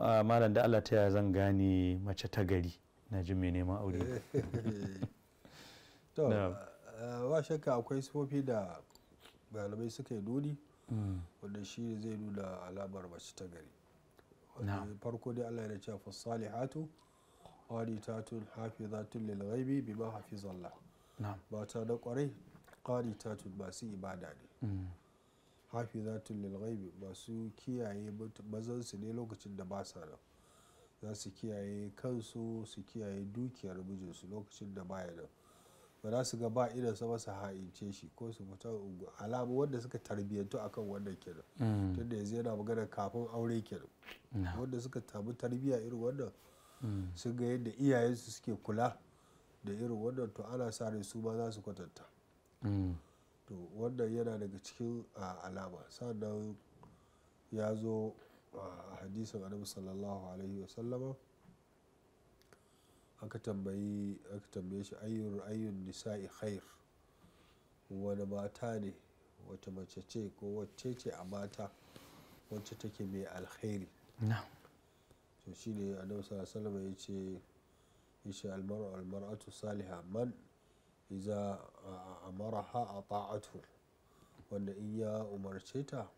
Ah, malam da Allah ta ya zan gane mace ta gari na ji mai neman aure eh, to wa ah, shakka akwai sufofi da galibai suka yi duni hmm. wanda shi zai nuna alamar mace ta gari eh, farko dai Allah ya ce fa salihatu qanitatun hafizatun lil ghaibi bima hafizallah ba ta da kwarai tatul masu ibada ne hmm. ta lil ba masu kiyaye mazansu ne lokacin da ba sa nan za su kiyaye kansu su kiyaye dukiyar mijinsu lokacin da baya nan ba za su ga ba idan sa masa ha'ince shi ko su fita ungu alamu wanda suka tarbiyyantu akan wannan kenan mm. tunda yanzu yana magana kafin aure kenan wanda suka tabi tarbiyya irin wannan mm. sun ga yadda iyayensu suke kula da irin wannan to ana sa rai su ma za su kwatanta mm. To wannan yana daga cikin alama. Sannan ya zo a hadisin Annabi Sallallahu Alaihi Wasallama aka tambayi, aka tambaye shi ayyun, ayyun nisa'i khair. wani mata ne, wata mace ce ko wacce ce a mata wacce take mai alkhairi? To shine Annabi Sallallahu Alaihi Wasallama ya ce, ya ce almar'u, almar'atu saliha man iza amaraha ata'athu wanda in ya umarce ta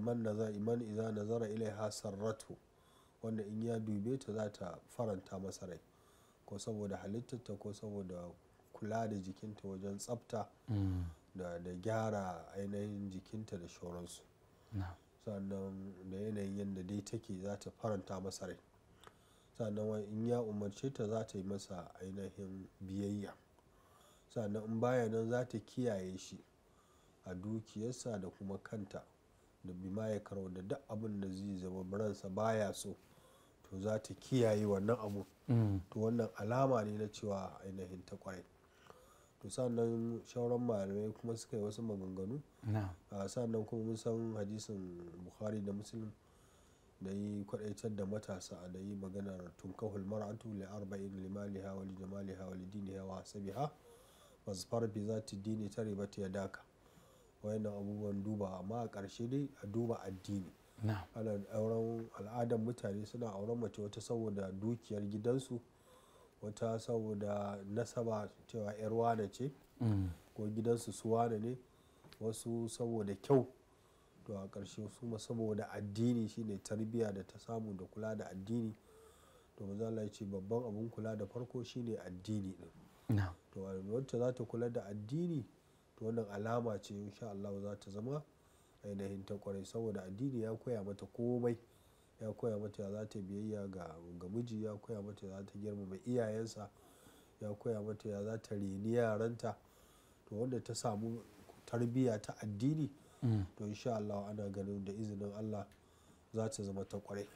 man nazara man iza nazara ilaiha sarratu wanda in ya dube ta za ta faranta masa rai ko saboda halittarta ko saboda kula da jikinta wajen tsafta da gyara ainihin jikinta da shoransu sannan da yanayin yadda dai take za ta faranta masa rai sannan in ya umarce ta za ta yi masa ainihin biyayya sannan in baya nan za ta kiyaye shi a dukiyarsa da kuma kanta da bima karo da duk abin da zai zama ransa baya so to za ta kiyaye wannan abu mm. to wannan alama ne na cewa ainihin ta kwarai to sannan shauran malamai kuma suka yi wasu maganganu sannan kuma mun san hadisin bukhari da muslim da yi kwadaitar da matasa da yi maganar tunkahul mar'atu li arba'in limaliha wa li jamaliha wa li diniha wa sabiha wasfar bi za ta dini ta riba ta daka wayannan abubuwan duba amma a ƙarshe dai a duba addini ana auren al'adar mutane suna auren mace wata saboda dukiyar gidansu wata saboda nasaba cewa yar wane ce mm. ko gidansu su wane ne wasu saboda kyau to a ƙarshe su saboda addini shine tarbiyya da ta samu da kula da addini to maza ce babban abun kula da farko shine addini din to wacce za ta kula da addini to wannan alama ce insha Allah za ta zama ainihin ta kwarai saboda addini ya koya mata komai ya koya mata za ta biyayya ga miji ya koya mata za ta girmama iyayensa ya koya mata ya za ta reni yaranta to wanda ta samu tarbiyya ta addini mm. to insha Allah ana ganin da izinin Allah za ta zama ta kwarai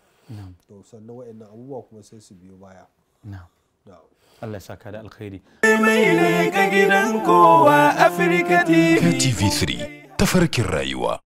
to sannan waɗannan abubuwa kuma sai su biyo baya الله يساك على الخير ميليك جنانكو وافريكتي